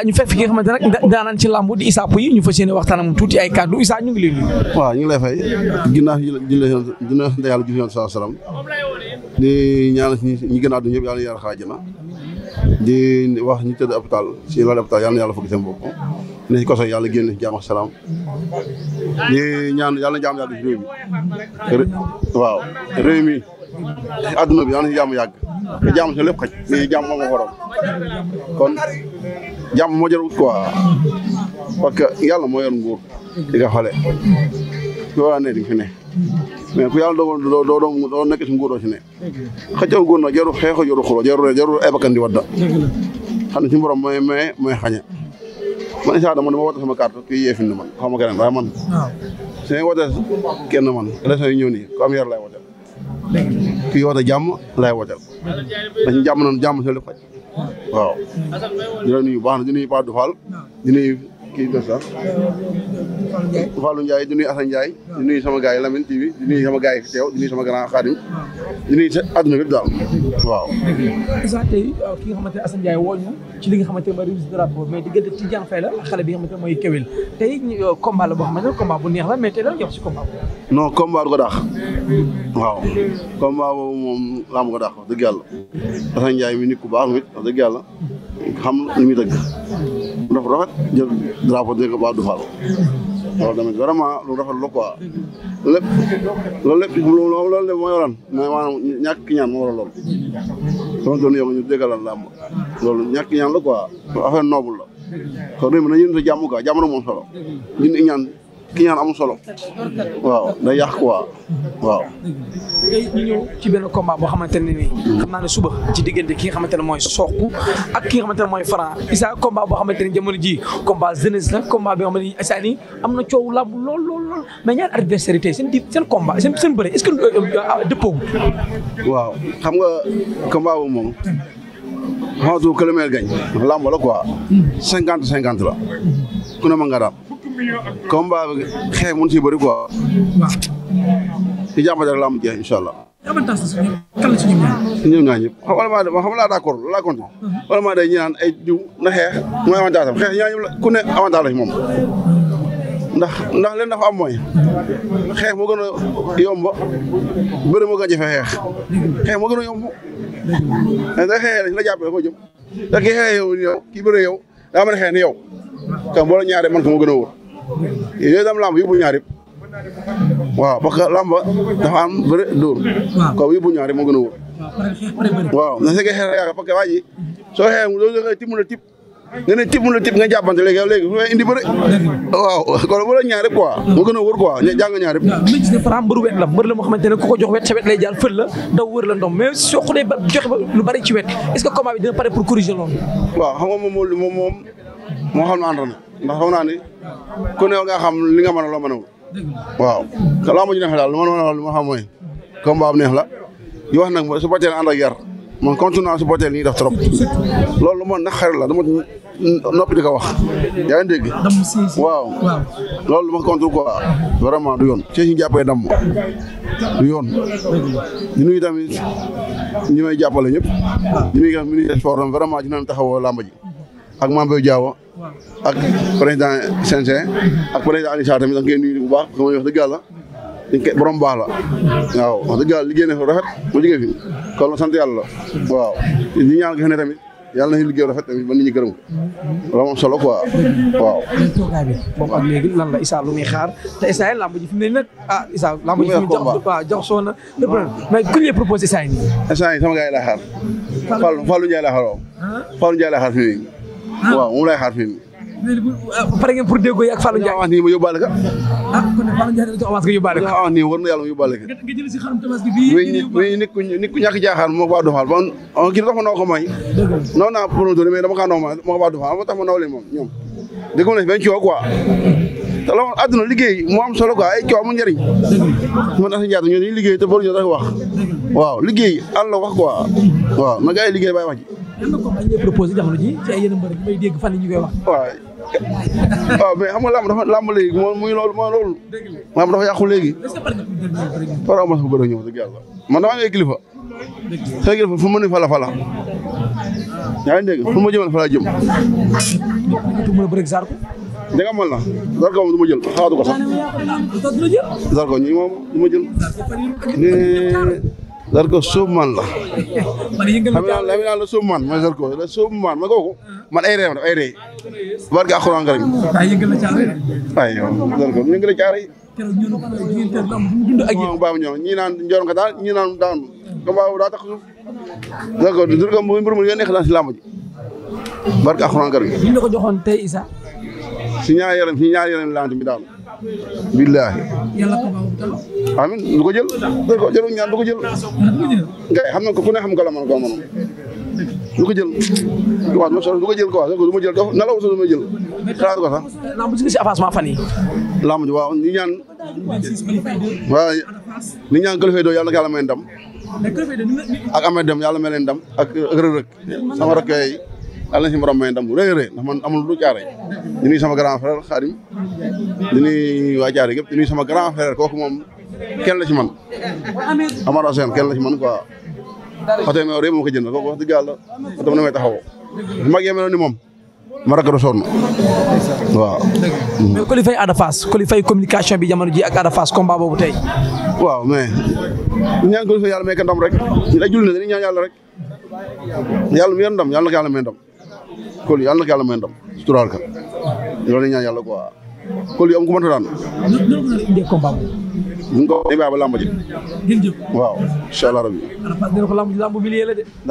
ah ñu fekk fi nga xamante nag daanaan ci làmb di Issa Pouye ñu fas yéene waxtaan moom tuuti ay kàddu Issa ñu ngi lay nuyu. waaw ñu ngi lay fay ginnaaw gi la ginnaaw da yàlla gis yoon saa salaam di ñaanal ñi gën a àdduna ñëpp yàlla yàlla di wax ñu tëdd hôpital si loolu hôpital yàlla na yàlla fëgg seen bopp si koso yàlla génn jaam ak salaam di ñaan yàlla jaam waaw réew mi àdduna bi yàlla na jaam yàgg te jaam si lépp moom a kon jàmm moo jar ut quoi parce que yàlla moo yor nguur di nga xale ku war fi ne mais yàlla dogal doo doo doo nekk si nguur si ne xëccoo nguur nag jarul xeexoo jarul xuloo jarul jarul ay bakkan di wadda xam ne si borom mooy may may xañe man incha allah man dama woote sama carte kii yee fi man xaw ma keneen man. waaw su ma kenn man élection yi ñëw nii ku yar laay wooteel. dëgg la kii woote jàmm laay wooteel. dañu jàmm noonu jàmm si lu faj. waaw. di la nuyu bu baax na di nuyu Pape Fall di nuyu kii de sax Fallou Ndiaye di nuyu Assane Ndiaye di nuyu sama gars yi Lamine TV di nuyu sama gars fi teew di sama grand Khadim di nuyu sa àdduna bi daal waaw euh, isa li nga xamante ne mooy remise de rapport mais diggante Tidiane Faye la ak xale bi nga xamante ne mooy Kewel tey euh, combat la boo xamante ne combat la mais tey lan jox si combat moom laam ko daax wax dëgg mi nit ku baax mi wax dëgg yàlla xam li muy dëgg ndox rafet jël drapeau dégg ba du faal loolu tamit vraiment lu rafet la quoi lépp loolu lépp loolu lépp mooy waral mais maanaam ñàkk ñaan moo waral loolu sama doon yow ñu déggalal làmb loolu ñàkk ñaan la ko affaire noble la kon réew mi nañu yéen a jàmm quoi jàmm rek moom solo ñun ki ñaan amul solo. waaw day yàq quoi waaw. ñu ñëw ci benn combat boo xamante ne nii. xam naa ne suba ci diggante ki nga xamante ne mooy Sokh ak ki nga mooy Franc Issa combat boo xamante ne jamono ji combat jeunesse la combat bi nga xamante ne Issa am na coow làmb lool lool lool mais ñaar adversaire yi tey seen di seen combat seen seen bëre est-ce que euh, euh, dëppoo waaw xam nga combat boobu moom. xamatu que le meilleur gagne. làmb la quoi. Hmm. cinquante cinquante la. ku ne ma nga daam. combat bi xeex mun si bëri quoi. waaw. ci jàmbale rek laa mujjee incha allah. avantage si kan la si ñoom ñaar. laa d' accord loolu maa day ñu naan ay jiw na xeex mooy avantage xeex ñaar ñëpp la ku ne ndax ndax leen dafa am xeex moo gën a yomb bëri moo gën jafe xeex xeex moo gën a yomb da xeexee la jàppee da ko jëm da ki xeexee xeex ni yow kan boo la man ko moo gën a yooyu dam lamb yi bu ñaar yëpp waaw parce que lamba dafa am bëre dóor ko yi bu ñaar yëpp moo gën a wóor waaw na se ke a yaaga parce que waa ji soo xeex mu doo joxe tip mu la tip nga ne tip mu la tip nga jàppante léegi léegi indi bëre waaw kon la ñaar yëpp quoi moo gën a wóor quoi jàng ñaar yëpp mais Franc mbër wet ne ku ko jox wet sa wet lay jaar fël la daw wër la ndom mais soo ba joxe ba lu bari ci wet est-ce que combat bi dina pare pour corriger loolu waaw xam nga moom moom moom moo xam ne ànd na ndax foog naa ni ku ne nga xam li nga mën a loo mënawul waaw te laa ma ñu neex daal lu ma mën a lu ma xam mooy combat am neex la yi wax nag su booteel ànd ak yar man continue naa su booteel ñuy def trop loolu lu ma nag xarit la dama noppi di ko wax yaa ngi dégg waaw loolu lu ma ko quoi vraiment du yoon ci ñu jàppee damm du yoon ñu nuy tamit ñi may jàppale ñëpp ñu nuy gam ministre sport vraiment dinañ taxawoo làmb ji ak maam Boye Diao ak président CNG ak président Alioune Sarr tamit da nga koy nuyu bu baax parce que dëgg yàlla dañ borom baax la waaw wax dëgg yàlla liggéey na fa rafet mu liggéey fi kon sant yàlla waaw ñi ñaan ne tamit yàlla na ñu liggéey rafet tamit ba nit ñi ko solo quoi waaw toogaay bi boobu léegi lan la Issa lu muy xaar te Issa lamb ji fi mu ne nag ah Issa lamb fi mu jox jox soo na le problème mais ku lay proposé Issa yi Issa yi sama gars yi laa xaar Fallou Fallou Ndiaye laa xaar fi mu Ah. waaw moom laay xaar fii ah, pare ngeen pour déggoo yi ak Fallou Ndiaye. wax nii ma yóbbaale ka. ah kon nag Fallou Ndiaye dañu ko avance nga yóbbaale ka. wax nii war na yàlla ma yóbbaale ka. nga jël si xarum tabaski bii. mais ku nit ku ñàkk jaaxaan moo ko baax doxal bon kii tax ma noo ko may. non non promoteur mais dama kaa noo ma moo ko baax doxal moo tax ma noo leen moom ñoom. dégg nga ne benn coow quoi. te liggéey moo am solo quoi ay coow amul njëriñ. man Assane Diatta ñoo liggéey te boor ñoo tax wax. waaw liggéey àll wax quoi. waaw ma gars yi liggéey bàyyi wax lan la ko wax ñuy proposé jamono ji ci ay yeneen fan ñu koy wax. waaw waaw mais xam nga làmb dafa làmb léegi moom muy loolu mooy loolu. làmb dafa yàqu léegi. est-ce que nga pour ma sama bëre yàlla man dama fala fala yaa ngi dégg fu ma jëmal fala jëm. mën a bëri na Zarko moom du ma jël xalaatu ko sax. Zarko ñi moom du ma jël. Zarko suuf man la. xam naa la la man mooy Zarko la man ma kooku man ay rey ma def ay rey. barke Alxuraan karim. waaye yow Zarko ñu ngi la naan njoor nga daal ñii naan daan nga baax daa tax suuf. Zarko mu nekk daal si làmb ji. barke Alxuraan karim. ñu la ko joxoon tey Isa. si ñaari yaram si ñaari yaram billaahi amin du ko jël du ko jël ñaan du ko jël ngay xam na ko ku ne xam nga la man ko man du ko jël waaw ma soxla du ko jël quoi du ma jël dof na la wut du ma jël xalaat ko sax lamb ci waaw ni ñaan waaw ni ñaan qualifié doo yàlla na ko yàlla may ndam ak amee dem yàlla may leen ak rëg-rëg sama rakk yàlla si borom may ndam bu rëy a man amul lu jaare di nuyu sama grand frère sama grand kooku moom kenn la ci man Amara Sène kenn la ci man quoi oto ma ré moo ko jënd kooku wax dëgg yàlla oto na may taxaw bu mag yemee ni moom ma rakk doon sonn waaw. mais Coly Faye Ada Fass Coly Faye communication bi jamono ji ak Ada Fass combat boobu tey. waaw mais ñaan Coly Faye yàlla may ko ndam rek ñu lay julli ne dañuy ñaan yàlla rek yàlla mu yor ndam yàlla na ko yàlla may ndam. kon yàlla na ko yàlla may ndam suturaal ka loolu la ñaan yàlla quoi kon am ku mënta daan. ñu ngi ko. day bàyyi ba làmb ji. waaw incha allah rabi.